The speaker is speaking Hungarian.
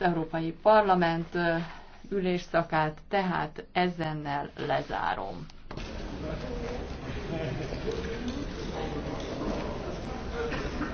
az Európai Parlament ülésszakát, tehát ezennel lezárom.